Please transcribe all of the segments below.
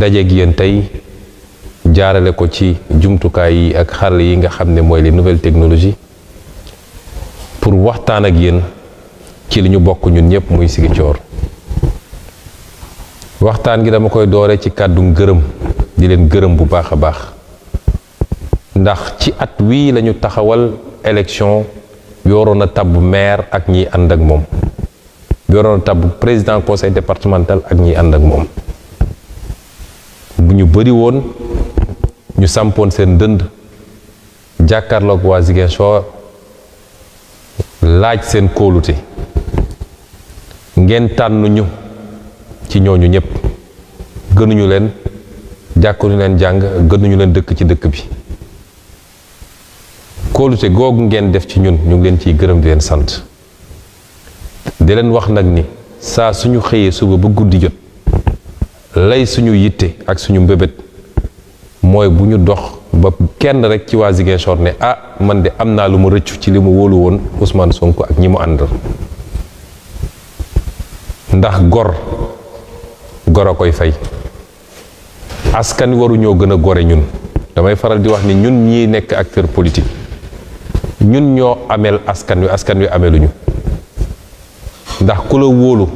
dajeeg yéen tey jaarale ko ci jumtukaay yi ak xarala yi nga xam ne mooy les nouvelles technologies pour waxtaan ak yéen ci li ñu bokk ñun ñëpp muy Ziguinchor waxtaan gi dama koy doore ci kàddu ngërëm di leen gërëm bu baax a baax ndax ci at wii lañu taxawal élection yoroon waroon a tabb maire ak ñiy ànd ak moom bi waroon a tabb président conseil départemental ak ñiy ànd ak moom bu ñu bëri woon ñu sampoon seen dënd jàkkaarloog waa Ziguinchor laaj seen kóolute ngeen tànnuñu ci ñooñu ñëpp gënuñu leen jàkkuñu leen jàng gënuñu leen dëkk ci dëkk bi kóolute googu ngeen def ci ñun ñu ngi leen ciy gërëm di leen sant di leen wax nag ni saa suñu xëyee suba ba guddi jot lay suñu yitte ak suñu mbébét mooy bu ñu dox ba kenn rek ci waa Ziguinchor ne a ah, man de am naa lu mu rëccu ci li mu wóolu woon Ousmane Sonko ak ñi mu àndal ndax gor gor a koy fay askan waru ñoo gën a gore ñun damay faral di wax ni ñun ñii nekk acteur politique ñun ñoo ameel askan wi askan wi ameeluñu ndax ku la wóolu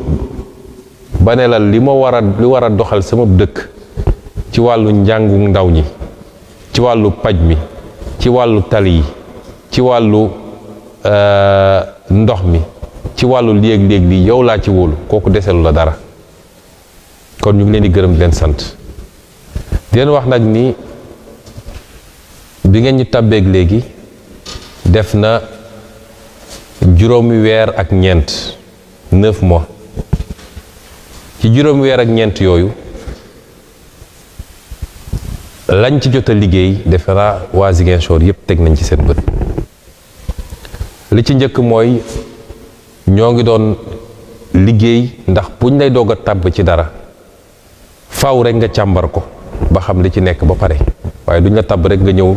ba la li ma war li war doxal sama dekk ci walu njangu ndaw ñi ci walu paj mi ci walu tali ci walu euh ndox mi ci walu leg leg li yow la ci wul koku deselu la dara kon ñu ngi leen di gërëm leen sant di leen wax nak ni bi ngeen ñu tàbbeeg def na juroomi ak ñent neuf mois ci juróom weer ak ñeent yooyu lañ ci jot a liggéey deferaa naa waa Ziguinchor yépp teg nañ ci seen bët li ci njëkk mooy ñoo ngi doon liggéey ndax buñ lay doog a tàbb ci dara faw rek nga càmbar ko ba xam li ci nekk ba pare waaye duñ la tàbb rek nga ñëw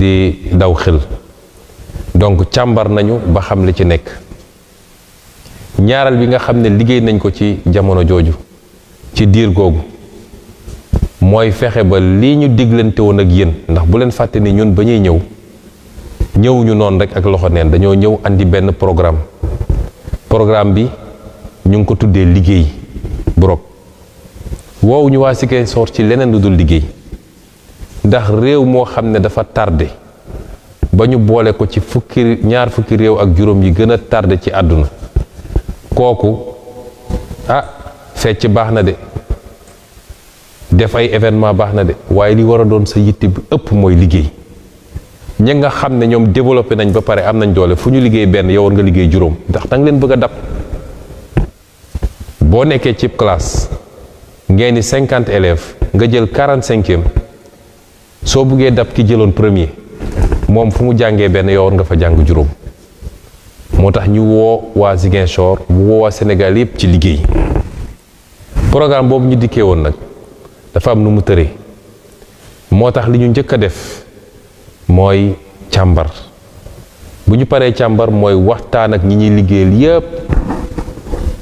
di daw xel donc càmbar nañu ba xam li ci nekk ñaaral bi nga xam ne liggéey nañ ko ci jamono jooju ci diir googu mooy fexe ba lii ñu diglante woon ak yéen ndax bu leen fàtte ni ñun ba ñuy ñëw ñëwuñu noonu rek ak loxo neen dañoo ñëw andi benn programme programme bi ñu ngi ko tuddee liggéey Brok woowu ñu waa Ziguinchor ci leneen lu dul liggéey ndax réew moo xam ne dafa tardé ba ñu boole ko ci fukki ñaar fukki réew ak juróom yi gën a tardé ci àdduna kooku ah fecc baax na de def ay événement baax na de waaye li war doon sa yitte bi ëpp mooy liggéey ña nga xam ne ñoom développé nañ ba pare am nañ doole fu ñu liggéey benn yow war nga liggéey juróom ndax danga leen bëgg a dab boo nekkee ci classe ngeen ni cinquante élèves nga jël quarante cinquième soo buggee dab ki jëloon premier moom fu mu jàngee benn yow nga fa jàng juróom motax ñu wo wa zigen Ziguinchor wo wa senegal yépp ci liggey programme bobu ñu diké won nak dafa am nu mu téré motax li ñu njëkk def moy chambar bu ñu paree moy waxtaan ak ñi ñi liggéeyal yépp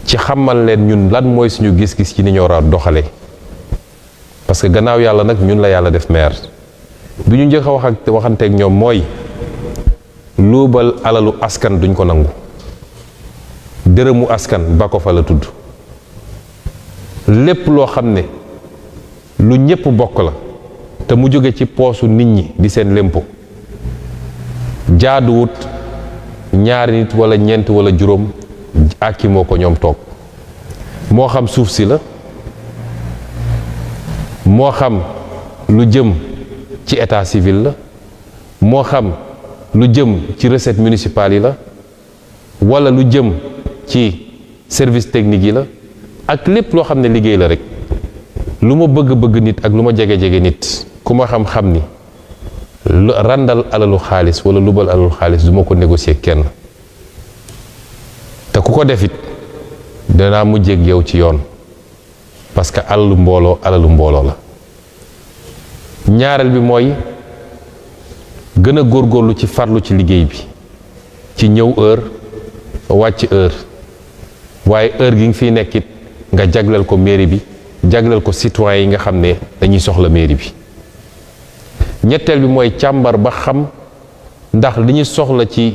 ci xamal leen ñun lan moy suñu gis-gis ci ni ñu doxale parce que gannaaw yalla nak ñun la yalla def maire bi ñu njëkk wax ak waxanteeg luubal alalu askan duñ ko nangu dërëmu askan ba ko fa la tudd lépp loo xam ne lu ñépp bokk la te mu jóge ci poosu nit ñi di seen lémpo jaaduwut ñaari nit walla ñeent wala juróom àkki moo ko ñoom toog moo xam suuf si la moo xam lu jëm ci état civil la moo xam lu jëm ci recette municipale yi la wala lu jëm ci service technique yi la ak lepp lumo xam ne liggéey la rek lu ma bëgg-bëgg nit ak lu ma nit ku xam-xam randal alalu khalis wala lubal alalu khalis duma ko négocier kenn ta ku ko defit mujjé ak yow ci yoon parce que alalu mbolo alalu mbolo la ñaaral bi moy. gën a góorlu ci farlu ci liggéey bi ci ñëw heure wàcc heure waaye heure gi nga fiy nekkit nga jagleel ko mairie bi jagleel ko citoyen yi nga xam ne dañuy soxla mairie bi ñetteel bi mooy càmbar ba xam ndax li ñu soxla ci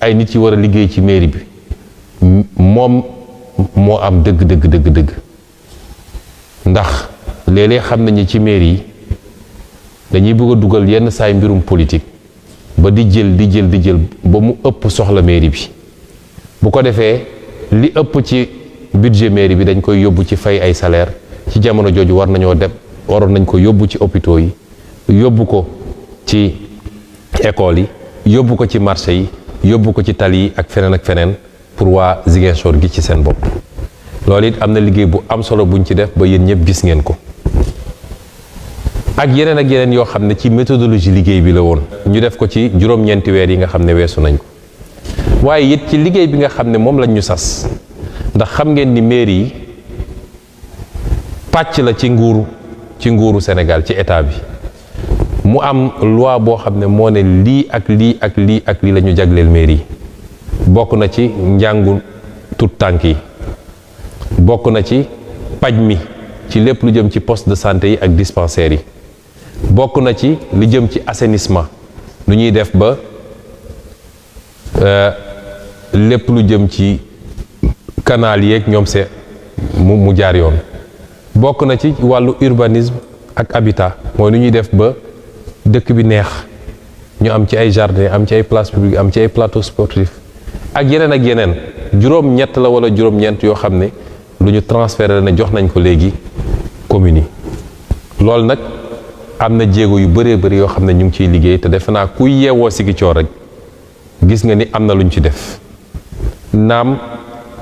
ay nit yi war a liggéey ci mairie bi moom moo am dëgg dëgg dëgg dëgg ndax léeg-léeg xam nañu ci mairie yi dañuy bëgg duggal dugal yenn saay mbirum politique ba di jël di jël di jël ba mu ëpp soxla mairie bi bu ko défé li ëpp ci budget mairie bi dañ koy yobbu ci fay ay salaire ci jamono joju war nañu dem waroon nañ ko yobbu ci hôpitaux yi yobbu ko ci école yi yobbu ko ci marché yi yobbu ko ci tali ak fenen ak fenen pour wa Ziguinchor gi ci sen bop lolit amna am bu am solo buñ ci def ba yeen ñepp gis ngeen ko ak yeneen ak yeneen yoo xam ne ci méthodologie liggéey bi la woon ñu def ko ci juróom-ñeenti weer yi nga xam ne weesu nañ ko waaye it ci liggéey bi nga xam ne moom lañ sas ndax xam ngeen ni mairie yi pàcc la ci nguur ci nguuru Sénégal ci état bi mu am loi boo xam ne moo ne lii ak lii ak lii ak lii la ñu jagleel mairie yi bokk na ci njàngu tut tànk yi bokk na ci paj mi ci lépp lu jëm ci poste de santé yi ak dispensaires yi bokk na ci li jëm ci assainissement lu ñuy def ba euh, lépp lu jëm ci canal yeeg ñoom see mu mu jaar yoon bokk na ci wàllu urbanisme ak habitat mooy lu ñuy def ba dëkk bi neex ñu am ci ay jardin am ci ay place publique am ci ay plateau sportif ak yeneen ak yeneen juróom-ñett la wala juróom-ñeent yoo xam ne lu ñu transféré na jox nañ ko léegi communes yi nag am na jéego yu bëree bëri yoo xam ne ñu ngi ciy liggéey te defe naa kuy yeewoo Sigicoor rek gis nga ni am na lu ñu ci def naam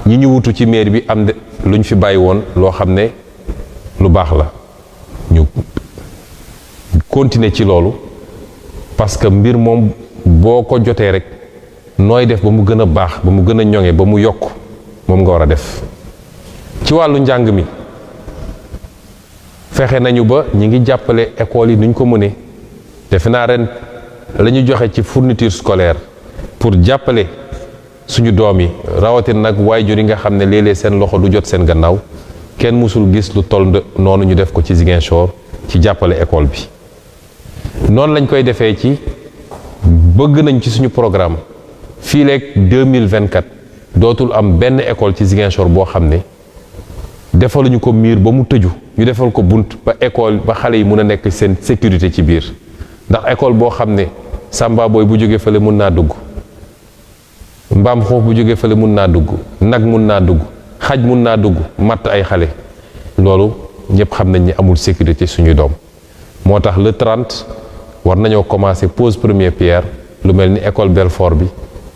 ñu ñu wutu ci maire bi am de lu ñu fi bàyyi woon loo xam ne lu baax la ñu continuer ci loolu parce que mbir moom boo ko jotee rek nooy def ba mu gën a baax ba mu gën a ñoŋe ba mu yokk moom nga war a def ci wàllu njàng mi fexe nañu ba ñi ngi jàppale école yi nuñ ko mënee defe naa ren la ñu joxe ci fourniture scolaire pour jàppale suñu doom yi rawatina nag waajur yi nga xam ne léeg-léeg seen loxo du jot seen gannaaw kenn mësul gis lu toll noonu ñu def ko ci Ziguinchor ci jàppale école bi noonu lañ koy defee ci bëgg nañ ci suñu programme fii leeg 2024 dootul am benn école ci Ziguinchor boo xam ne defaluñu ko miir ba mu tëju ñu defal ko bunt ba école ba xale yi mun a nekk seen sécurité ci biir ndax école boo xam ne sàmba booy bu jógee fale mun naa dugg mbaam xoof bu jógee fale mun naa dugg nag mun naa dugg xaj mun naa dugg matt ay xale loolu ñëpp xam nañ ni amul sécurité suñu doom moo tax le trente war nañoo commencer pose premier pierre lu mel ni école Belfort bi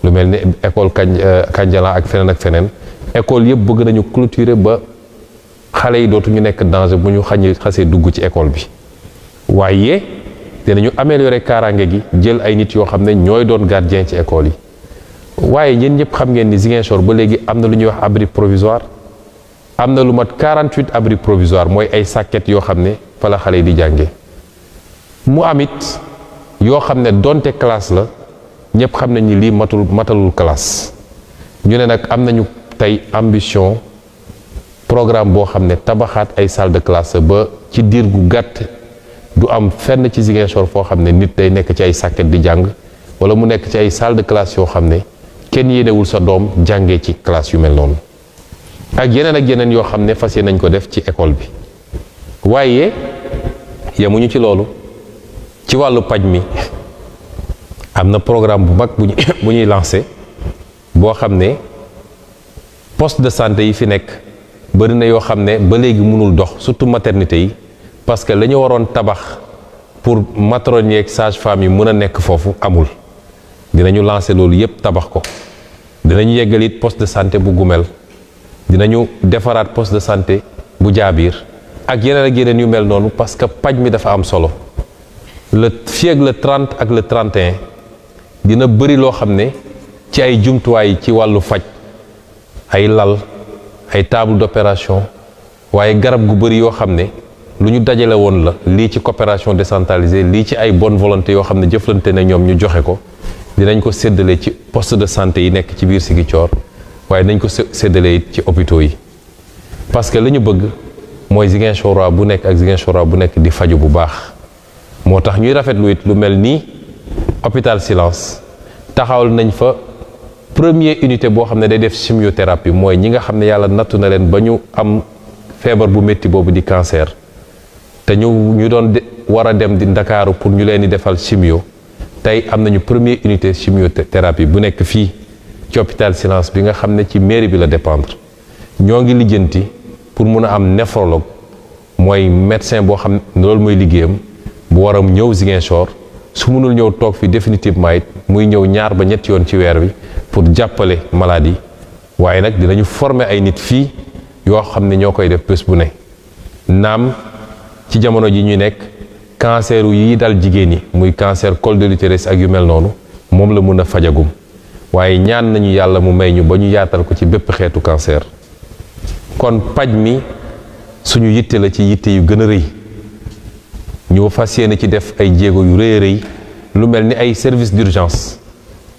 lu mel ni école Kanjala euh, ak feneen ak feneen école yëpp bëgg nañu clôturer ba. xale yi dootu ñu nekk danger bu ñu xañee xasee dugg ci école bi waaye dinañu améliorer kaaraange gi jël ay nit yoo xam ne ñooy doon gardien ci école yi waaye ñeen ñëpp xam ngeen ni Ziguinchor ba léegi am na lu ñuy wax abri provisoire am na lu mat 48 abri provisoire mooy ay sàkket yoo xam ne fa la xale yi di jànge mu amit yoo xam ne donte classe la ñëpp xam nañ ni lii matul matalul classe ñu ne nag am nañu tey ambition programme boo xam ne tabaxaat ay salle de classe ba ci diir gu gàtt du am fenn ci Ziguinchor foo xam ne nit day nekk ci ay sàkket di jàng wala mu nekk ci ay salle de classe yoo xam ne kenn yéenewul sa doom jàngee ci classe yu mel noonu ak yeneen ak yeneen yoo xam ne fas yéene nañ ko def ci école bi waaye yemuñu ci loolu ci wàllu paj mi am na programme bu mag bu ñuy lancé boo xam ne poste de santé yi fi nekk bëri na yoo xam ne ba léegi mënul dox surtout maternité yi parce que la waroon tabax pour matrone yeeg sage-femme yi mën a nekk foofu amul dinañu lancer loolu yépp tabax ko dinañu yeggal it poste de santé bu Gumel dina ñu defaraat poste de santé bu Jaabiir ak yeneen ak yeneen yu mel noonu parce que paj mi dafa am solo le fii ak le 30 ak le 31 dina bëri loo xam ne ci ay jumtuwaay ci wàllu faj ay lal ay table d'opération waye garab gu beuri yo xamné nous lu ñu la li ci coopération décentralisée li ci ay bonne volonté na ñu joxé ko dinañ de santé yi nekk ci biir waye nañ ko ci hôpitaux yi parce que bëgg bu nekk ak bu nekk di faju bu baax it lu Silence premier unité boo xam ne day def chimiothérapie mooy ñi nga xam ne yàlla nattu na leen ba ñu am feebar bu métti boobu di cancer te ñu ñu doon war a dem di ndakaaru pour ñu leen di defal chimio tey am nañu premier unité chimiothérapie bu nekk fii ci hôpital Silence bi nga xam ne ci maire bi la dépendre ñoo ngi lijjanti pour mun a am néphrologue mooy médecin boo xam ne loolu mooy liggéeyam bu waram ñëw Ziguinchor su mënul ñëw tok fi définitivement it muy ñëw ñaar ba ñet yoon ci wër bi pour jappalé malade yi waaye nag dinañu former ay nit fi yo xamné ñokoy def bu né nam ci jamono ji ñu nekk cancer yi dal jigéen yi muy cancer col de l'utérus ak yu mel nonu mom la mëna fajagum waaye ñaan nañu yalla mu may ñu ba ñu yaatal ko ci xétu cancer kon paj mi suñu yitté la ci yitté yu gëna reuy ñu fas yéene ci def ay jéego yu rëy rëy lu mel ni ay service d'urgence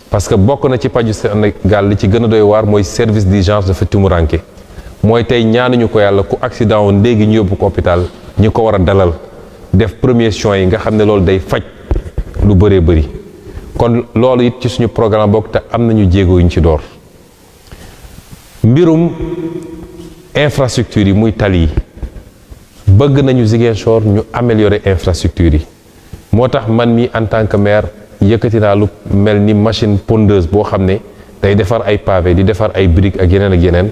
parce que bokk na ci paju Sénégal li ci gën a doy waar mooy service d'urgence dafa tumuranke mooy tey ñu ko yàlla ku accident woon léegi ñu yóbbu ko hôpital ñu ko war a dalal def premier soins yi nga xam ne loolu day faj lu bëree bëri kon loolu it ci suñu programme bokk te am nañu jéego yuñ ci door mbirum infrastructure yi muy tali yi bëgg nañu Ziguinchor ñu améliorer infrastructure yi moo tax man mii en tant que maire yëkkati naa lu mel ni machine pondeuse boo xam ne day defar ay pavé di defar ay briques ak yeneen ak yeneen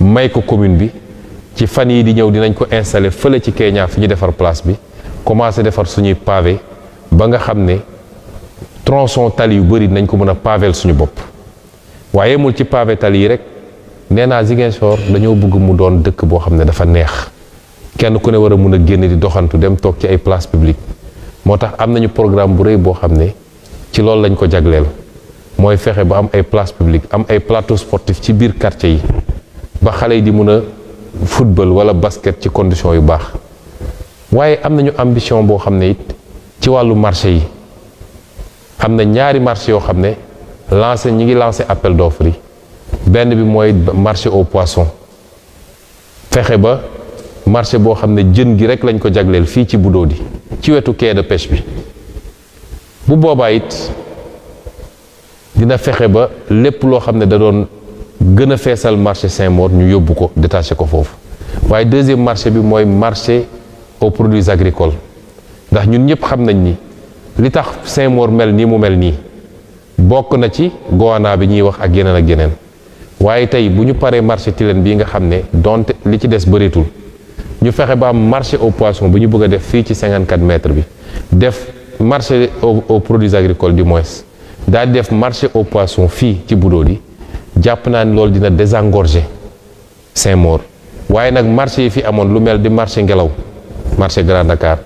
may ko commune bi ci fan yi di ñëw dinañ ko installer fële ci Kenya fi ñu defar place bi commencer defar suñuy pavé ba nga xam ne tronçon tali yu bëri nañ ko mën a pavel suñu bopp waaye mul ci pavé tali yi rek nee naa Ziguinchor dañoo bëgg mu doon dëkk boo xam ne dafa neex kenn ku ne war a mun a génn di doxantu dem toog ci ay place publique moo tax am nañu programme bu rëy boo xam ne ci loolu lañ ko jagleel mooy fexe ba am ay place publique am ay plateau sportif ci biir quartier yi ba xale yi di mun a football wala basket ci condition yu baax waaye am nañu ambition boo xam ne it ci wàllu marché yi am na ñaari marché yoo xam ne lancé ñi ngi lancé appel d'offre yi benn bi mooy marché au poisson fexe ba marché boo xam ne jën gi rek lañ ko jagleel fii ci Budodi ci wetu quai de pêche bi bu boobaa it dina fexe ba lépp loo xam ne da doon gën a feesal marché Saint-Maur ñu yóbbu ko détaché ko foofu waaye deuxième marché bi mooy marché aux produits agricoles ndax ñun ñëpp xam nañ ni li tax Saint-Maur mel nii mu mel nii bokk na ci goana bi ñuy wax ak yeneen ak geneen waaye tey bu ñu paree marché Tilène bii nga xam ne donte li ci des bëreetul. ñu fexe ba am marché au poisson bu ñu bëgg a def fii ci 54 mètres bi def marché au produits agricole du moins daal def marché au poisson fii ci Budodi jàpp naa ni loolu dina désengorger Saint-Maur waaye nag marché yi fi amoon lu mel di marché ngelaw marché Grand Dakar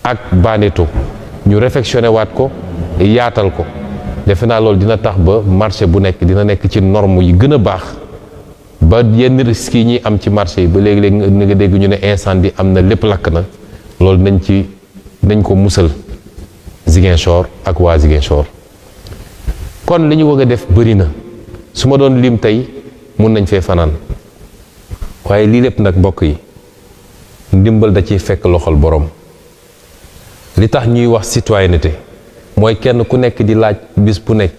ak Baneto ñu réfectionné waat ko yaatal ko defe naa loolu dina tax ba marché bu nekk dina nekk ci norme yi gën a baax ba yenn risques yi am ci marché yi ba léegi-léegi ni nga dégg ñu ne incendie am na lépp lakk na loolu nañ ci dañ ko musal Ziguinchor ak waa Ziguinchor kon li ñu bëgg a def bëri na su ma doon lim tey mun nañ fee fanaan waaye lii lépp nag mbokk yi ndimbal da ciy fekk loxol borom li tax ñuy wax citoyenneté mooy kenn ku nekk di laaj bis bu nekk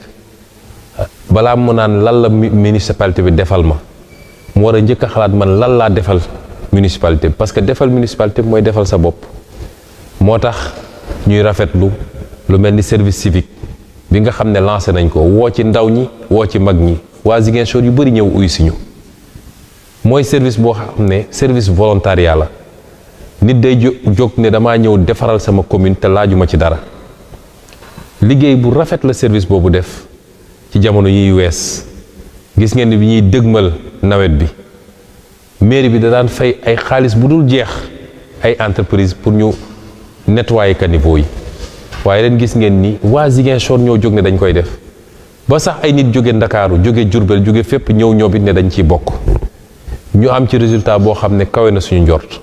balaa mu naan lan la municipalité bi defal ma mu war a njëkk a xalaat man lan laa defal municipalité parce que defal municipalité mooy defal sa bopp moo tax ñuy rafetlu lu mel ni service civique bi nga xam ne lancé nañ ko woo ci ndaw ñi woo ci mag ñi waa Ziguinchor yu bëri ñëw uyu si ñu mooy service boo xam ne service volontariat yàlla nit day jog ne damaa ñëw defaral sama commune te laajuma ci dara liggéey bu rafet la service boobu def ci jamono yiy wees gis ngeen ni bi ñuy dëgmal nawet bi maire bi da daan fay ay xaalis bu dul jeex ay entreprise pour ñu nettoyer caniveau yi waaye ren gis ngeen ni waa Ziguinchor ñoo jóg ne dañ koy def ba sax ay nit jóge Ndakaaru jóge Jurbel jóge fépp ñëw ñoom it ne dañ ciy bokk ñu am ci résultat boo xam ne kawe na suñu njort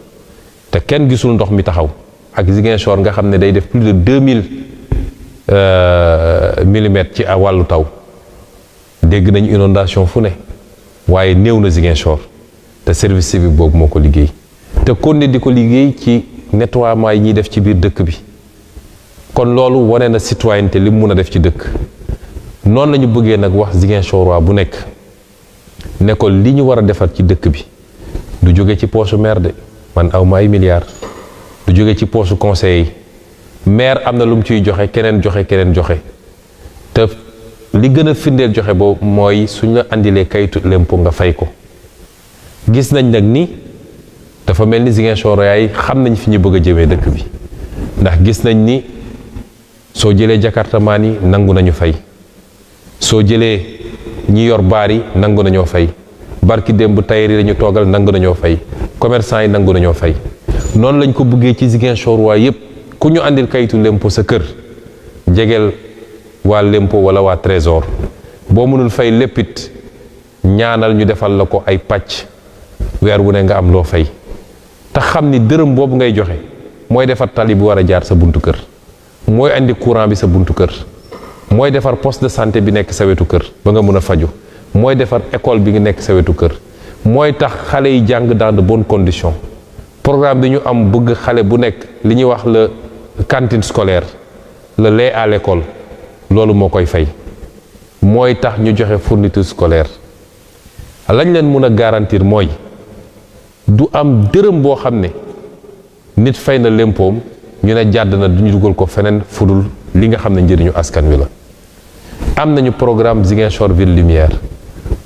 te kenn gisul ndox mi taxaw ak Ziguinchor nga xam ne day def plus de 2000 euh, millimètres ci wàllu taw dégg nañu inondation fu ne waaye néew na Ziguinchor te service civique boobu moo ko liggéey te kon ni di ko liggéey ci nettoiement yi ñuy def ci biir dëkk bi kon loolu wane na citoyenneté li mu mun a def ci dëkk noonu lañu bëggee nag wax Ziguinchor waa bu nekk ne li ñu war a defar ci dëkk bi du jóge ci poche maire de man aw ma ay milliards du jóge ci poche conseil yi maire am na lu mu ciy joxe keneen joxe keneen joxe li gën a firndeel joxe boobu mooy suñ la andilee kayitu lempo nga fay ko gis nañ nag ni dafa mel ni Ziguinchor yaay xam nañ fi ñu bëgg a jëmee dëkk bi ndax gis nañ ni soo jëlee jakartamaan yi nangu nañu fay soo jëlee ñi yor baar yi nangu nañoo fay barki démb tailleur yi lañu toogal nangu nañoo fay commerçant yi nangu nañoo fay noonu lañ ko bëggee ci Ziguinchor waay yépp ku ñu àndil kayitu lempo sa kër jegeel wa lempo wala wa trésor bo mënul fay lepit ñaanal ñu defal lako ay patch wër wu ne nga am lo fay ta xamni ni bobu ngay joxe moy defar tali wara jaar sa buntu kër moy andi courant bi sa buntu kër moy defar poste de santé bi nek sa wetu kër ba nga mëna faju moy defar école bi nga nek sa wetu kër moy tax xalé yi jang dans de bonnes conditions programme bi ñu am bëgg xalé bu nek li wax le cantine scolaire le lait à l'école loolu mo koy fay moy tax ñu joxe fourniture scolaire lañ leen mëna garantir moy du am deureum bo xamne nit fay na lempom ñu ne jadd na duñu duggal ko fenen fudul li nga xamne ne askan wi la am nañu programme Ziguinchor ville lumière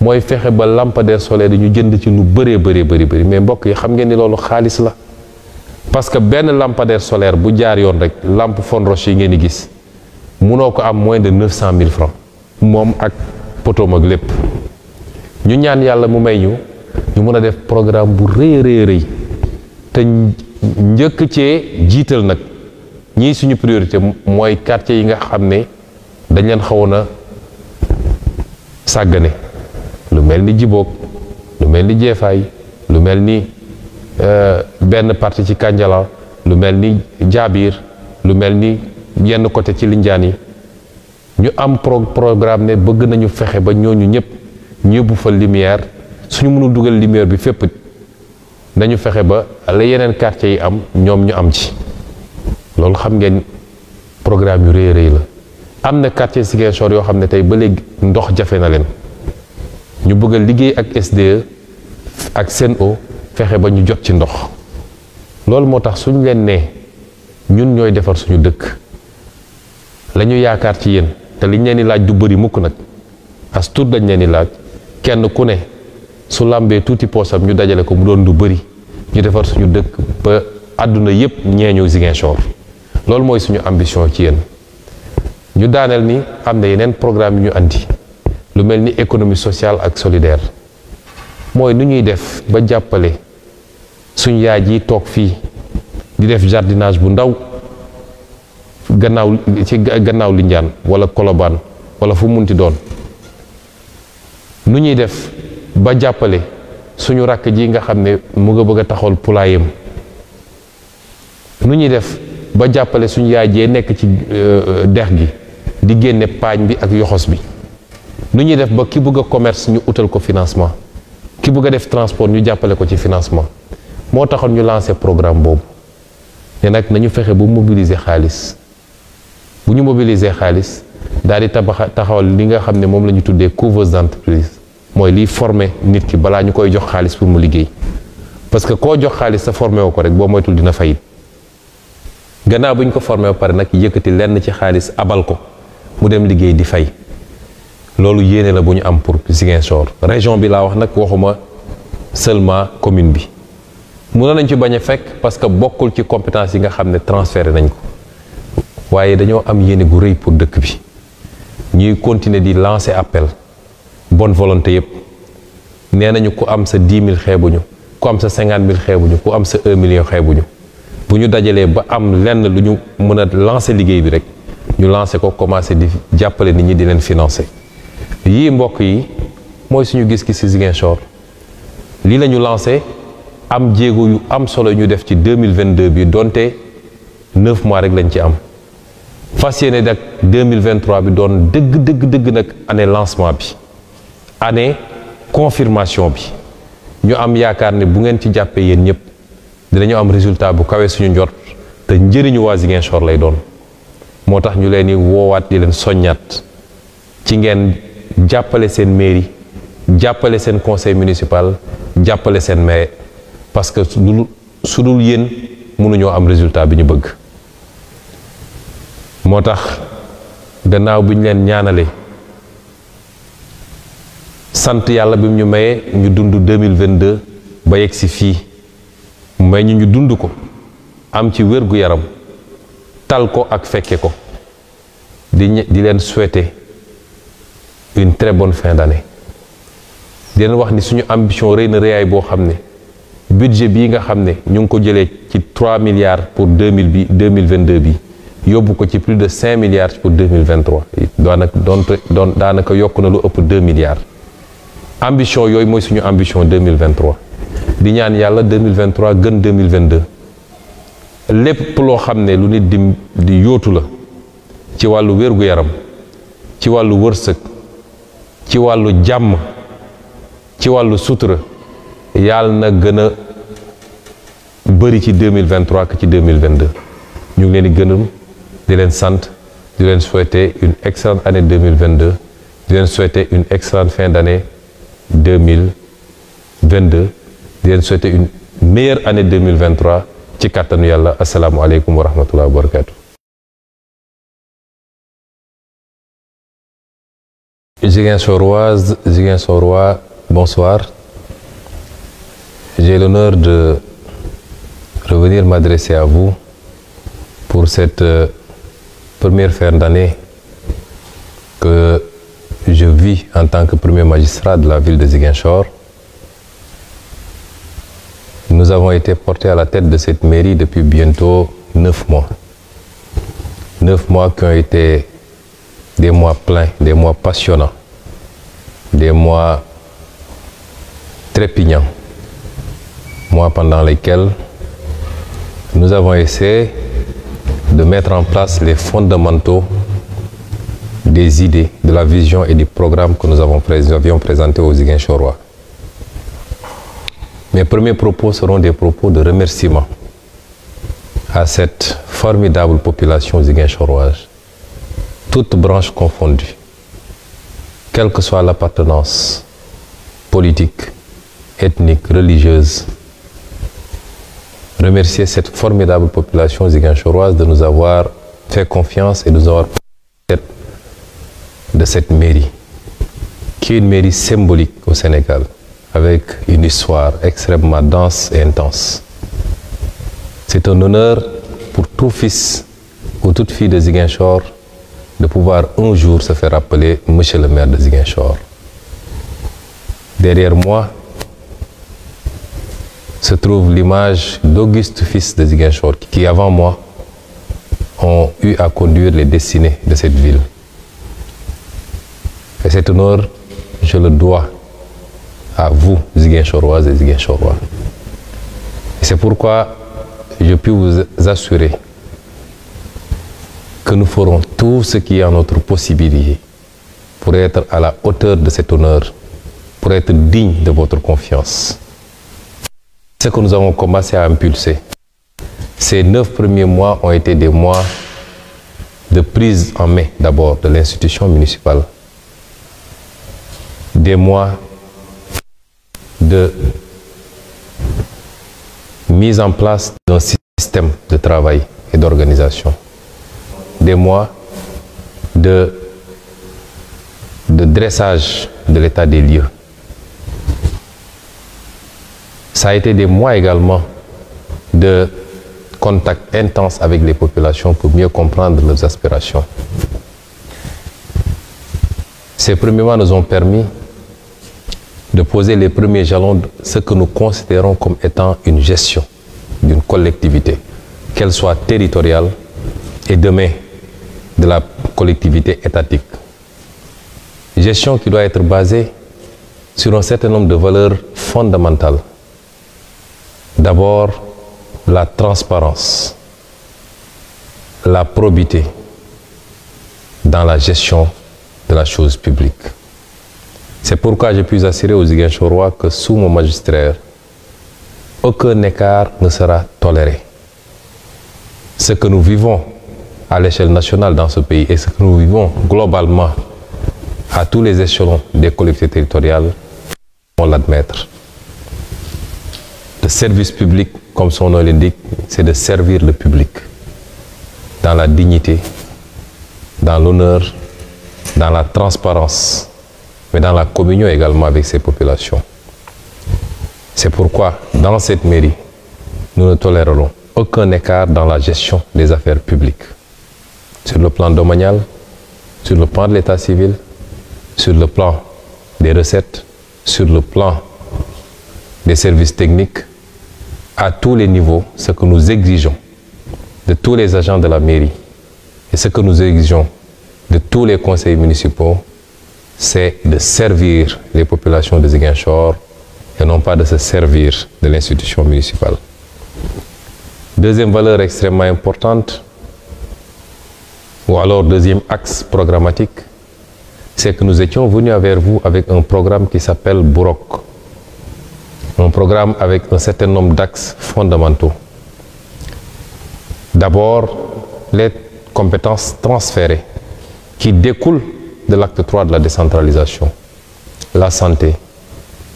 moy fexé ba lampadaire solaire yi ñu jënd ci ñu bëree bëree bëri bëri mais mbokk yi xam ngeen ni lolu xaalis la parce que benn lampadaire solaire bu jaar yoon rek lampe fond yi ngeen ni gis munoo ko am moins de neuf cent mille francs moom ak potom ak lépp ñu ñaan yàlla mu may ñu ñu mën a def programme bu rëy rëy rëy te njëkk cee jiital nag ñii suñu priorité mooy quartier yi nga xam ne dañ leen xawoon a sàggane lu mel ni jiboog lu mel ni jeefaay lu mel ni euh, benn partie ci kànjala lu mel ni jaabiir lu mel ni yenn côté ci linjaan yi ñu am pro programme ne bëgg nañu fexe ba ñooñu ñëpp ñëbbu fa lumière suñu mënul dugal lumière bi fépp nañu fexe ba la yeneen quartier yi am ñoom ñu am ci loolu xam ngeen programme yu rëy rëy la am na quartier Ziguinchor yoo xam ne tey ba léegi ndox jafe na leen ñu bëgg liggéey ak SDE ak Sen'Eau fexe ba ñu jot ci ndox loolu moo tax suñu leen nee ñun ñooy defar suñu dëkk la yaakaar ci yéen te liñ leen di laaj du bëri mukk nag as tuut lañ leen di laaj kenn ku ne su làmbee tuuti poosam ñu dajale ko mu doon du bëri ñu defar suñu dëkk ba àdduna yépp ñeeñu Ziguinchor loolu mooy suñu ambition ci yéen ñu daaneel ni am na yeneen programme yu ñu andi lu mel ni économie sociale ak solidaire mooy nu ñuy def ba jàppale suñ yaay ji toog fii di def jardinage bu ndaw gannaaw ci gannaaw Linjaan wala Kolobaan wala fu munti doon nu ñuy def ba jàppale suñu rakk ji nga xam ne mu nga bëgg a taxawal pulaayam nu ñuy def ba jàppale suñu yaay jee nekk ci euh, dex gi di génne paañ bi ak yoxos bi nu ñuy def ba ki bëgg a commerce ñu utal ko financement ki bëgg def transport ñu jàppale ko ci financement moo taxoon ñu lancé programme boobu te nag nañu fexe bu mobiliser xaalis bu ñu mobiliser xaalis daal di tabax taxawal li nga xam ne moom la ñu tuddee couveuse d'entreprise mooy liy former nit ki balaa ñu koy jox xaalis pour mu liggéey parce que koo jox xaalis sa formé woo ko rek boo moytul dina fayit gannaaw bu ñu ko formé pare nag yëkkati lenn ci xaalis abal ko mu dem liggéey di fay loolu yéene la bu ñu am pour Ziguinchor région bi laa wax nag waxuma seulement commune bi mënoon nañ ci bañ a fekk parce que bokkul ci compétence yi nga xam ne transféré nañ ko waye dañoo am yene gu reuy pour dëkk bi ñuy continuer di lancer appel bonne volonté yëpp nee nañu ku am sa dix mille xeebuñu ku am sa cinquante mille xeebuñu ku am sa 1 million xeebuñu bu ñu dajalee ba am lenn lu ñu mën a lancer liggéey bi rek ñu lancer ko commencer di jàppale nit ñi di leen financer yii mbokk yi mooy suñu gis-gis ci Ziguinchor lii la ñu lancer am jéego yu am solo ñu def ci 2022 bi donte 9 mois rek lañ ci am fas yéene nag 2023 bi doon dëgg dëgg dëgg nag année lancement bi année confirmation bi ñu am yaakaar ne bu ngeen ci jàppee yéen ñëpp dinañu am résultat bu kawee suñu njort te njëriñu waa Ziguinchor lay doon moo tax ñu leen yi woowaat di leen soññaat ci ngeen jàppale seen mairie jàppale seen conseil municipal jàppale seen maire parce que su dul su dul yéen mënuñoo am résultat bi ñu bëgg motax gannaaw bi ñu leen ñaanale sant yàlla bi ñu mayee ñu dund 2022 ba yegg si fii may ñu ñu dund ko am ci wér yaram tal ko ak fekke ko di di leen souhaiter une très bonne fin d'année di leen wax ni suñu ambition rëy na bo boo xam ne budget bii nga xam ne ñu ngi ko jëlee ci 3 milliards pour 2000 bi 2022 bi yóbbu ko ci plus de cinq milliards pour deux mille vingt trois daanaka donte doon daanaka yokk na lu ëpp deux milliards ambition yooyu mooy suñu ambition deux mille vingt di ñaan yàlla deux mille vingt gën deux mille vingt lépp loo xam ne lu nit di di yóotu la ci wàllu wérgu yaram ci wàllu wërsëg ci wàllu jàmm ci wàllu sutura yàlla na gën a bëri ci deux mille vingt trois ci deux mille vingt ñu ngi leen di gënal Je vous sant souhaiter une excellente année 2022 viens vous souhaiter une excellente fin d'année 2022 Je vous souhaiter une meilleure année 2023 ci wa wa bonsoir. J'ai l'honneur de revenir m'adresser à vous pour cette euh, première fin d'année que je vis en tant que premier magistrat de la ville de Ziguinchor, nous avons été portés à la tête de cette mairie depuis bientôt neuf mois. Neuf mois qui ont été des mois pleins, des mois passionnants, des mois trépignants, mois pendant lesquels nous avons essayé de mettre en place les fondamentaux des idées, de la vision et du programme que nous, avions présenté aux chorois. Mes premiers propos seront des propos de remerciement à cette formidable population ziguinchoroise, toutes branches confondues, quelle que soit l'appartenance politique, ethnique, religieuse, remercier cette formidable population ziguinchoroise de nous avoir fait confiance et de nous avoir de cette mairie, qui est une mairie symbolique au Sénégal, avec une histoire extrêmement dense et intense. C'est un honneur pour tout fils ou toute fille de Ziguinchor de pouvoir un jour se faire appeler Monsieur le maire de Ziguinchor. Derrière moi, se trouve l'image d'Auguste, fils de Ziguinchor, qui avant moi ont eu à conduire les destinées de cette ville. Et cet honneur, je le dois à vous, Ziegenchoroises et Ziguinchorois. C'est pourquoi je puis vous assurer que nous ferons tout ce qui est en notre possibilité pour être à la hauteur de cet honneur, pour être digne de votre confiance ce que nous avons commencé à impulser. Ces neuf premiers mois ont été des mois de prise en main d'abord de l'institution municipale, des mois de mise en place d'un système de travail et d'organisation, des mois de, de dressage de l'état des lieux, ça a été des mois également de contact intense avec les populations pour mieux comprendre leurs aspirations. Ces premiers mois nous ont permis de poser les premiers jalons de ce que nous considérons comme étant une gestion d'une collectivité, qu'elle soit territoriale et demain de la collectivité étatique. Gestion qui doit être basée sur un certain nombre de valeurs fondamentales D'abord, la transparence, la probité dans la gestion de la chose publique. C'est pourquoi je puis assurer aux Iguinchorois que sous mon magistraire, aucun écart ne sera toléré. Ce que nous vivons à l'échelle nationale dans ce pays et ce que nous vivons globalement à tous les échelons des collectivités territoriales, on l'admettre. Le service public, comme son nom l'indique, c'est de servir le public dans la dignité, dans l'honneur, dans la transparence, mais dans la communion également avec ces populations. C'est pourquoi, dans cette mairie, nous ne tolérerons aucun écart dans la gestion des affaires publiques, sur le plan domanial, sur le plan de l'état civil, sur le plan des recettes, sur le plan des services techniques, à tous les niveaux ce que nous exigeons de tous les agents de la mairie et ce que nous exigeons de tous les conseils municipaux, c'est de servir les populations de Ziguinchor et non pas de se servir de l'institution municipale. Deuxième valeur extrêmement importante, ou alors deuxième axe programmatique, c'est que nous étions venus vers vous avec un programme qui s'appelle BUROC, un programme avec un certain nombre d'axes fondamentaux. D'abord, les compétences transférées qui découlent de l'acte 3 de la décentralisation. La santé,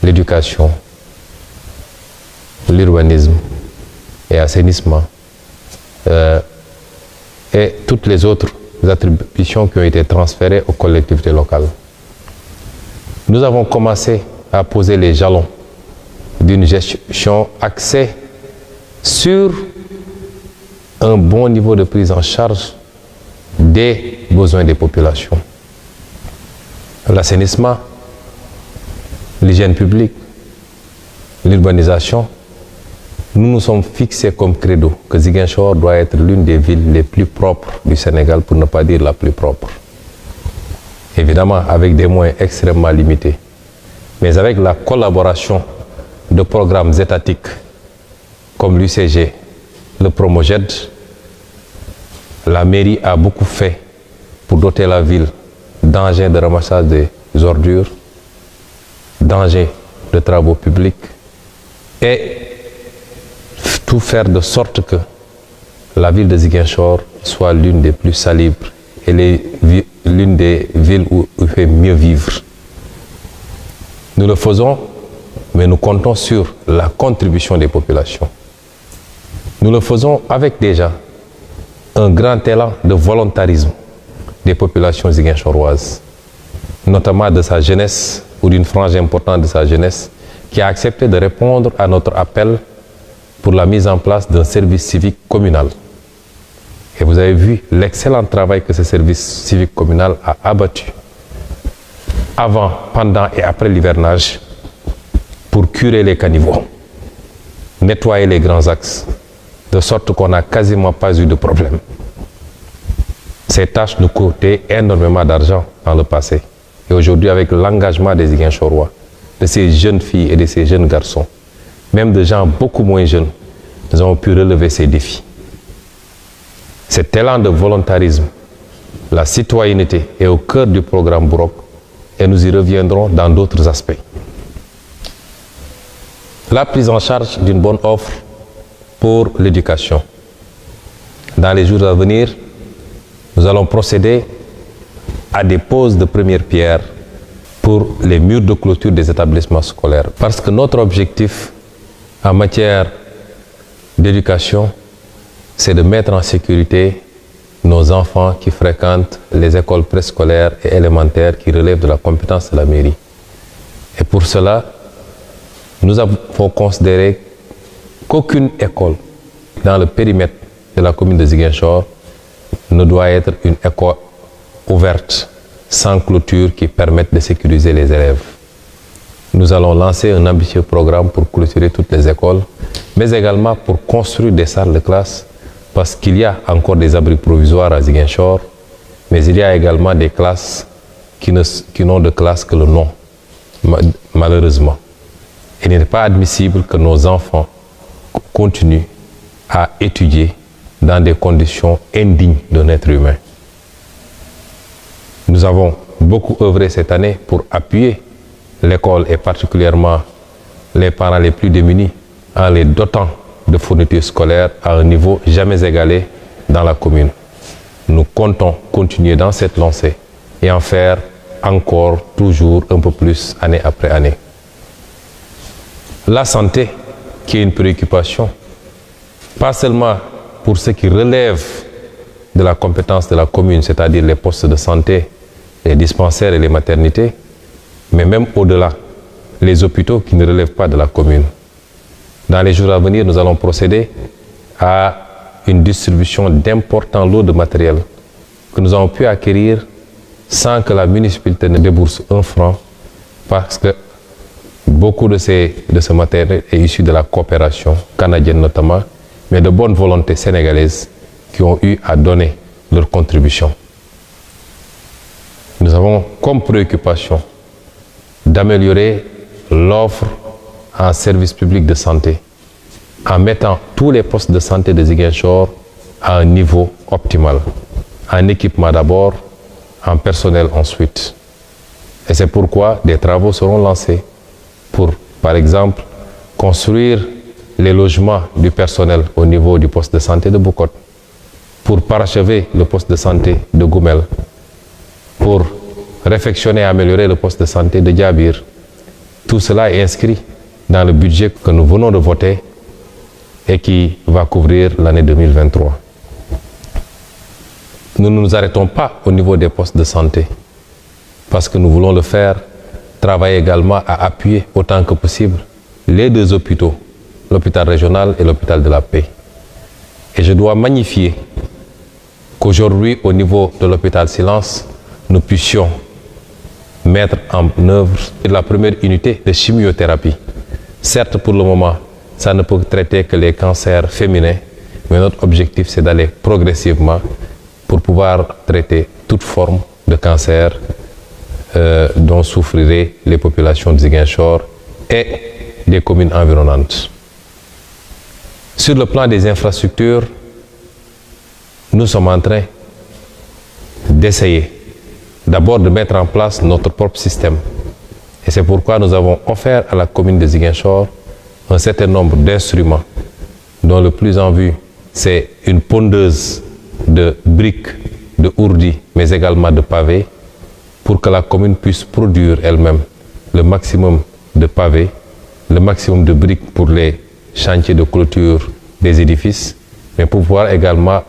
l'éducation, l'urbanisme et assainissement euh, et toutes les autres attributions qui ont été transférées aux collectivités locales. Nous avons commencé à poser les jalons d'une gestion axée sur un bon niveau de prise en charge des besoins des populations. L'assainissement, l'hygiène publique, l'urbanisation, nous nous sommes fixés comme credo que Ziguinchor doit être l'une des villes les plus propres du Sénégal, pour ne pas dire la plus propre. Évidemment, avec des moyens extrêmement limités, mais avec la collaboration de programmes étatiques comme l'UCG, le Promoged, la mairie a beaucoup fait pour doter la ville d'engins de ramassage des ordures, d'engins de travaux publics et tout faire de sorte que la ville de Ziguinchor soit l'une des plus salibres et l'une des villes où il fait mieux vivre. Nous le faisons mais nous comptons sur la contribution des populations. Nous le faisons avec déjà un grand élan de volontarisme des populations ziguinchoroises, notamment de sa jeunesse ou d'une frange importante de sa jeunesse, qui a accepté de répondre à notre appel pour la mise en place d'un service civique communal. Et vous avez vu l'excellent travail que ce service civique communal a abattu avant, pendant et après l'hivernage pour curer les caniveaux, nettoyer les grands axes, de sorte qu'on n'a quasiment pas eu de problème. Ces tâches nous coûtaient énormément d'argent dans le passé. Et aujourd'hui, avec l'engagement des Iguinchorois, de ces jeunes filles et de ces jeunes garçons, même de gens beaucoup moins jeunes, nous avons pu relever ces défis. Cet élan de volontarisme, la citoyenneté est au cœur du programme BROC et nous y reviendrons dans d'autres aspects la prise en charge d'une bonne offre pour l'éducation. Dans les jours à venir, nous allons procéder à des poses de première pierre pour les murs de clôture des établissements scolaires. Parce que notre objectif en matière d'éducation, c'est de mettre en sécurité nos enfants qui fréquentent les écoles préscolaires et élémentaires qui relèvent de la compétence de la mairie. Et pour cela, nous avons considéré qu'aucune école dans le périmètre de la commune de Ziguinchor ne doit être une école ouverte, sans clôture, qui permette de sécuriser les élèves. Nous allons lancer un ambitieux programme pour clôturer toutes les écoles, mais également pour construire des salles de classe, parce qu'il y a encore des abris provisoires à Ziguinchor, mais il y a également des classes qui n'ont de classe que le nom, malheureusement il n'est pas admissible que nos enfants continuent à étudier dans des conditions indignes d'un être humain. Nous avons beaucoup œuvré cette année pour appuyer l'école et particulièrement les parents les plus démunis en les dotant de fournitures scolaires à un niveau jamais égalé dans la commune. Nous comptons continuer dans cette lancée et en faire encore toujours un peu plus année après année la santé, qui est une préoccupation, pas seulement pour ce qui relève de la compétence de la commune, c'est-à-dire les postes de santé, les dispensaires et les maternités, mais même au-delà, les hôpitaux qui ne relèvent pas de la commune. Dans les jours à venir, nous allons procéder à une distribution d'importants lots de matériel que nous avons pu acquérir sans que la municipalité ne débourse un franc parce que Beaucoup de, ces, de ce matériel est issu de la coopération canadienne notamment, mais de bonnes volonté sénégalaise qui ont eu à donner leur contribution. Nous avons comme préoccupation d'améliorer l'offre en service public de santé en mettant tous les postes de santé de Ziguinchor à un niveau optimal, en équipement d'abord, en personnel ensuite. Et c'est pourquoi des travaux seront lancés pour, par exemple, construire les logements du personnel au niveau du poste de santé de Boucotte, pour parachever le poste de santé de Goumel, pour réfectionner et améliorer le poste de santé de Diabir. Tout cela est inscrit dans le budget que nous venons de voter et qui va couvrir l'année 2023. Nous ne nous arrêtons pas au niveau des postes de santé parce que nous voulons le faire travaille également à appuyer autant que possible les deux hôpitaux, l'hôpital régional et l'hôpital de la paix. Et je dois magnifier qu'aujourd'hui, au niveau de l'hôpital Silence, nous puissions mettre en œuvre la première unité de chimiothérapie. Certes, pour le moment, ça ne peut traiter que les cancers féminins, mais notre objectif, c'est d'aller progressivement pour pouvoir traiter toute forme de cancer euh, dont souffriraient les populations de Ziguinchor et des communes environnantes. Sur le plan des infrastructures, nous sommes en train d'essayer d'abord de mettre en place notre propre système. Et c'est pourquoi nous avons offert à la commune de Ziguinchor un certain nombre d'instruments, dont le plus en vue, c'est une pondeuse de briques, de ourdis, mais également de pavés, pour que la commune puisse produire elle-même le maximum de pavés, le maximum de briques pour les chantiers de clôture des édifices, mais pouvoir également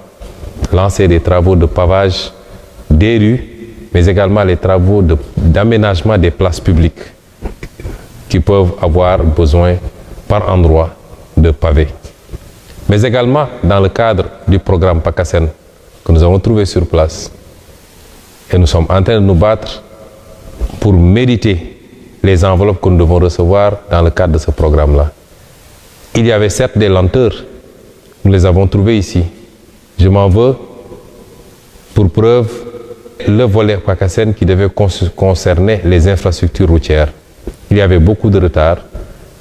lancer des travaux de pavage des rues, mais également les travaux d'aménagement des places publiques qui peuvent avoir besoin par endroit de pavés. Mais également dans le cadre du programme PACASEN que nous avons trouvé sur place, et nous sommes en train de nous battre pour mériter les enveloppes que nous devons recevoir dans le cadre de ce programme-là. Il y avait certes des lenteurs, nous les avons trouvées ici. Je m'en veux pour preuve le volet Pakassène qui devait concerner les infrastructures routières. Il y avait beaucoup de retard.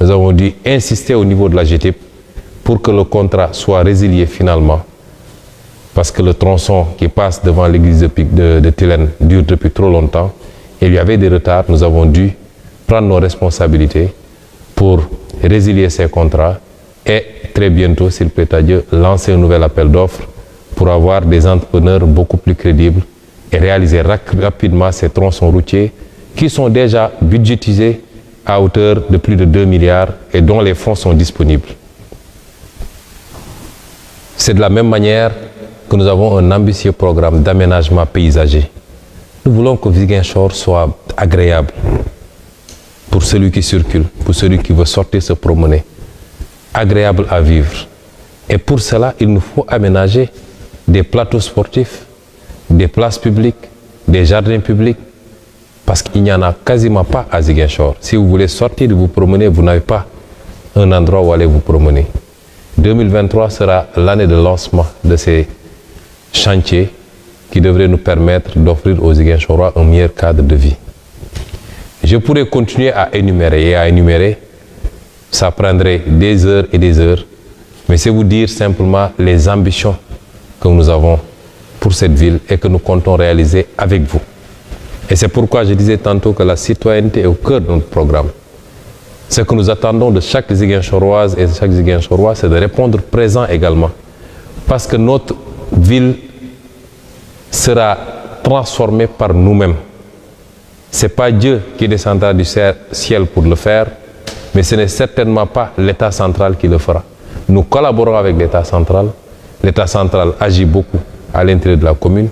Nous avons dû insister au niveau de la GTIP pour que le contrat soit résilié finalement parce que le tronçon qui passe devant l'église de, de, dure depuis trop longtemps. Et il y avait des retards, nous avons dû prendre nos responsabilités pour résilier ces contrats et très bientôt, s'il plaît à Dieu, lancer un nouvel appel d'offres pour avoir des entrepreneurs beaucoup plus crédibles et réaliser rapidement ces tronçons routiers qui sont déjà budgétisés à hauteur de plus de 2 milliards et dont les fonds sont disponibles. C'est de la même manière que nous avons un ambitieux programme d'aménagement paysager. Nous voulons que Viguenchor soit agréable pour celui qui circule, pour celui qui veut sortir se promener, agréable à vivre. Et pour cela, il nous faut aménager des plateaux sportifs, des places publiques, des jardins publics, parce qu'il n'y en a quasiment pas à Ziguinchor. Si vous voulez sortir de vous promener, vous n'avez pas un endroit où aller vous promener. 2023 sera l'année de lancement de ces chantier qui devrait nous permettre d'offrir aux Iguinchorois un meilleur cadre de vie. Je pourrais continuer à énumérer et à énumérer, ça prendrait des heures et des heures, mais c'est vous dire simplement les ambitions que nous avons pour cette ville et que nous comptons réaliser avec vous. Et c'est pourquoi je disais tantôt que la citoyenneté est au cœur de notre programme. Ce que nous attendons de chaque Ziguinchoroise et de chaque Ziguinchorois, c'est de répondre présent également. Parce que notre ville sera transformée par nous-mêmes. Ce n'est pas Dieu qui descendra du ciel pour le faire, mais ce n'est certainement pas l'État central qui le fera. Nous collaborons avec l'État central. L'État central agit beaucoup à l'intérieur de la commune,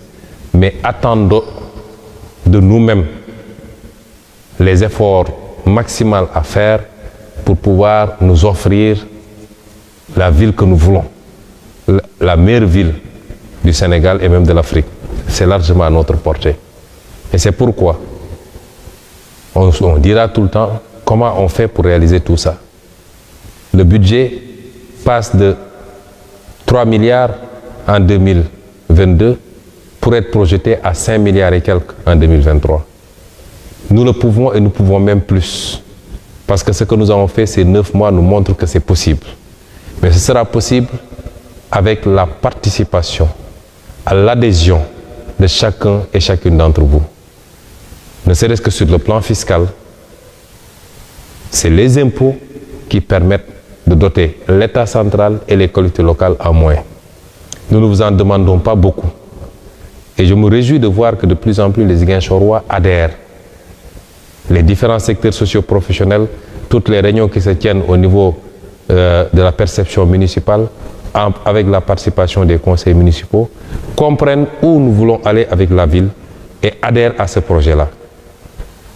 mais attendons de nous-mêmes les efforts maximaux à faire pour pouvoir nous offrir la ville que nous voulons, la meilleure ville du Sénégal et même de l'Afrique. C'est largement à notre portée. Et c'est pourquoi on, dira tout le temps comment on fait pour réaliser tout ça. Le budget passe de 3 milliards en 2022 pour être projeté à 5 milliards et quelques en 2023. Nous le pouvons et nous pouvons même plus. Parce que ce que nous avons fait ces 9 mois nous montre que c'est possible. Mais ce sera possible avec la participation à l'adhésion de chacun et chacune d'entre vous. Ne serait-ce que sur le plan fiscal, c'est les impôts qui permettent de doter l'État central et les collectivités locales en moins. Nous ne vous en demandons pas beaucoup. Et je me réjouis de voir que de plus en plus les Guinchorois adhèrent. Les différents secteurs sociaux professionnels, toutes les réunions qui se tiennent au niveau euh, de la perception municipale, avec la participation des conseils municipaux, comprennent où nous voulons aller avec la ville et adhèrent à ce projet-là.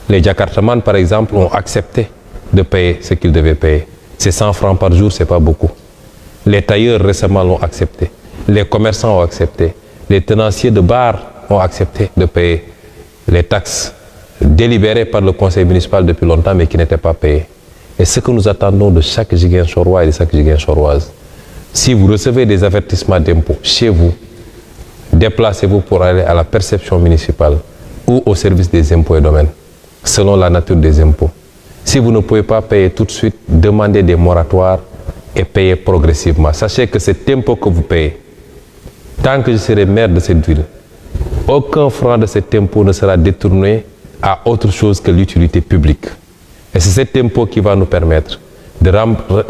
Les Jakartaman, par exemple, ont accepté de payer ce qu'ils devaient payer. C'est 100 francs par jour, ce n'est pas beaucoup. Les tailleurs récemment l'ont accepté. Les commerçants ont accepté. Les tenanciers de bar ont accepté de payer les taxes délibérées par le conseil municipal depuis longtemps mais qui n'étaient pas payées. Et ce que nous attendons de chaque gigant chorois et de chaque gigant choroise si vous recevez des avertissements d'impôts chez vous, déplacez-vous pour aller à la perception municipale ou au service des impôts et domaines, selon la nature des impôts. Si vous ne pouvez pas payer tout de suite, demandez des moratoires et payez progressivement. Sachez que cet impôt que vous payez, tant que je serai maire de cette ville, aucun franc de cet impôt ne sera détourné à autre chose que l'utilité publique. Et c'est cet impôt qui va nous permettre de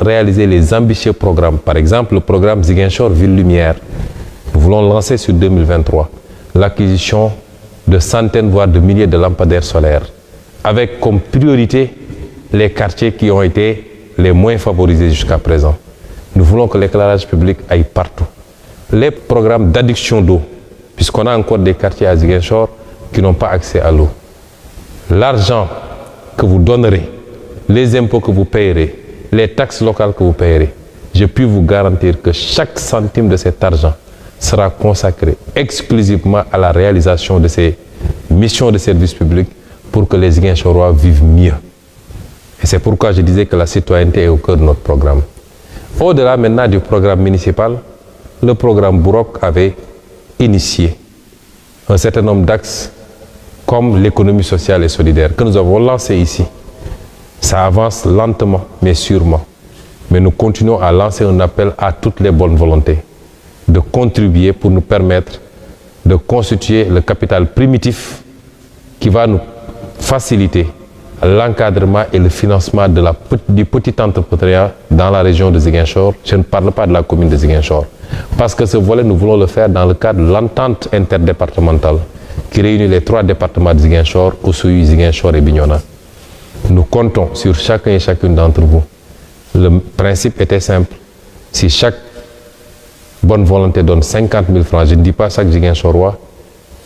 réaliser les ambitieux programmes. Par exemple, le programme Ziguinchor Ville Lumière. Nous voulons lancer sur 2023 l'acquisition de centaines, voire de milliers de lampadaires solaires, avec comme priorité les quartiers qui ont été les moins favorisés jusqu'à présent. Nous voulons que l'éclairage public aille partout. Les programmes d'adduction d'eau, puisqu'on a encore des quartiers à Ziguinchor qui n'ont pas accès à l'eau. L'argent que vous donnerez, les impôts que vous payerez, les taxes locales que vous payerez, je puis vous garantir que chaque centime de cet argent sera consacré exclusivement à la réalisation de ces missions de service public pour que les Guinchorois vivent mieux. Et c'est pourquoi je disais que la citoyenneté est au cœur de notre programme. Au-delà maintenant du programme municipal, le programme Bourok avait initié un certain nombre d'axes comme l'économie sociale et solidaire que nous avons lancé ici. Ça avance lentement, mais sûrement. Mais nous continuons à lancer un appel à toutes les bonnes volontés de contribuer pour nous permettre de constituer le capital primitif qui va nous faciliter l'encadrement et le financement de du petit entrepreneuriat dans la région de Ziguinchor. Je ne parle pas de la commune de Ziguinchor. Parce que ce volet, nous voulons le faire dans le cadre de l'entente interdépartementale qui réunit les trois départements de Ziguinchor, Oussouy, Ziguinchor et Bignona. Nous comptons sur chacun et chacune d'entre vous. Le principe était simple. Si chaque bonne volonté donne 50 000 francs, je ne dis pas chaque sur roi,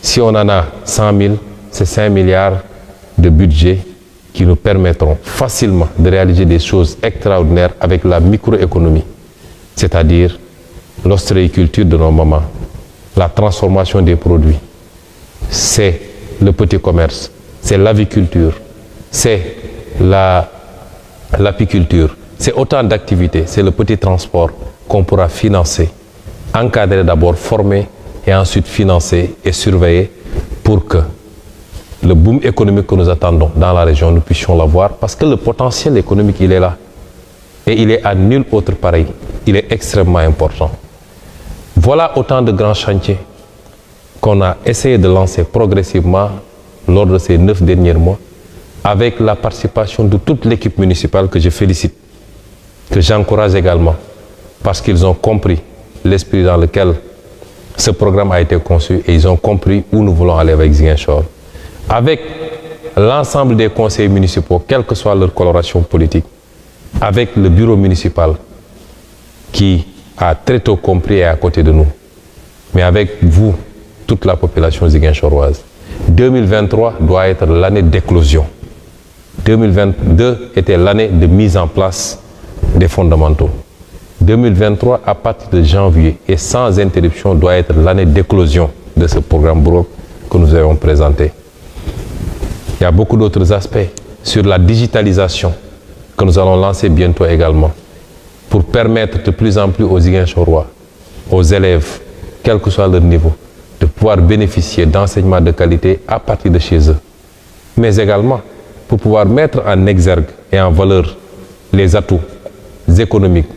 si on en a 100 000, c'est 5 milliards de budget qui nous permettront facilement de réaliser des choses extraordinaires avec la microéconomie, c'est-à-dire l'ostréiculture de nos mamans, la transformation des produits, c'est le petit commerce, c'est l'aviculture, c'est l'apiculture. c'est autant d'activités, c'est le petit transport qu'on pourra financer, encadrer d'abord, former et ensuite financer et surveiller pour que le boom économique que nous attendons dans la région, nous puissions l'avoir parce que le potentiel économique, il est là. Et il est à nul autre pareil. Il est extrêmement important. Voilà autant de grands chantiers qu'on a essayé de lancer progressivement lors de ces neuf derniers mois avec la participation de toute l'équipe municipale que je félicite, que j'encourage également, parce qu'ils ont compris l'esprit dans lequel ce programme a été conçu et ils ont compris où nous voulons aller avec Ziguinchor. Avec l'ensemble des conseils municipaux, quelle que soit leur coloration politique, avec le bureau municipal qui a très tôt compris et à côté de nous, mais avec vous, toute la population ziguinchoroise. 2023 doit être l'année d'éclosion. 2022 était l'année de mise en place des fondamentaux. 2023, à partir de janvier et sans interruption, doit être l'année d'éclosion de ce programme que nous avons présenté. Il y a beaucoup d'autres aspects sur la digitalisation que nous allons lancer bientôt également pour permettre de plus en plus aux Iguinchorois, aux élèves, quel que soit leur niveau, de pouvoir bénéficier d'enseignements de qualité à partir de chez eux, mais également pour pouvoir mettre en exergue et en valeur les atouts économiques,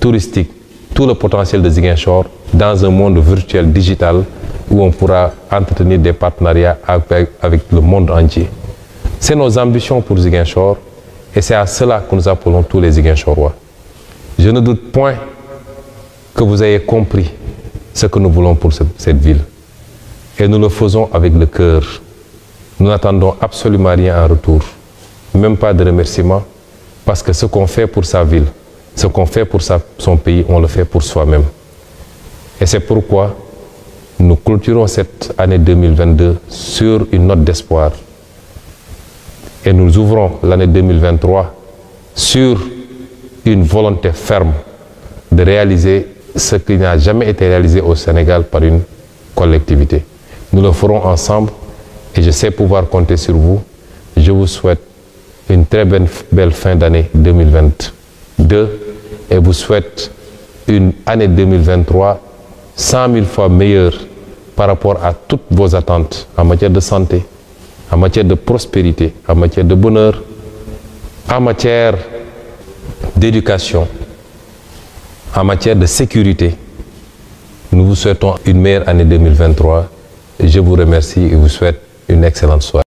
touristiques, tout le potentiel de Ziguinchor dans un monde virtuel digital où on pourra entretenir des partenariats avec, le monde entier. C'est nos ambitions pour Ziguinchor et c'est à cela que nous appelons tous les Ziguinchorois. Je ne doute point que vous ayez compris ce que nous voulons pour cette ville. Et nous le faisons avec le cœur. Nous n'attendons absolument rien en retour même pas de remerciements, parce que ce qu'on fait pour sa ville, ce qu'on fait pour son pays, on le fait pour soi-même. Et c'est pourquoi nous clôturons cette année 2022 sur une note d'espoir. Et nous ouvrons l'année 2023 sur une volonté ferme de réaliser ce qui n'a jamais été réalisé au Sénégal par une collectivité. Nous le ferons ensemble et je sais pouvoir compter sur vous. Je vous souhaite une très belle, fin d'année 2022 et vous souhaite une année 2023 100 000 fois meilleure par rapport à toutes vos attentes en matière de santé, en matière de prospérité, en matière de bonheur, en matière d'éducation, en matière de sécurité. Nous vous souhaitons une meilleure année 2023. Je vous remercie et vous souhaite une excellente soirée.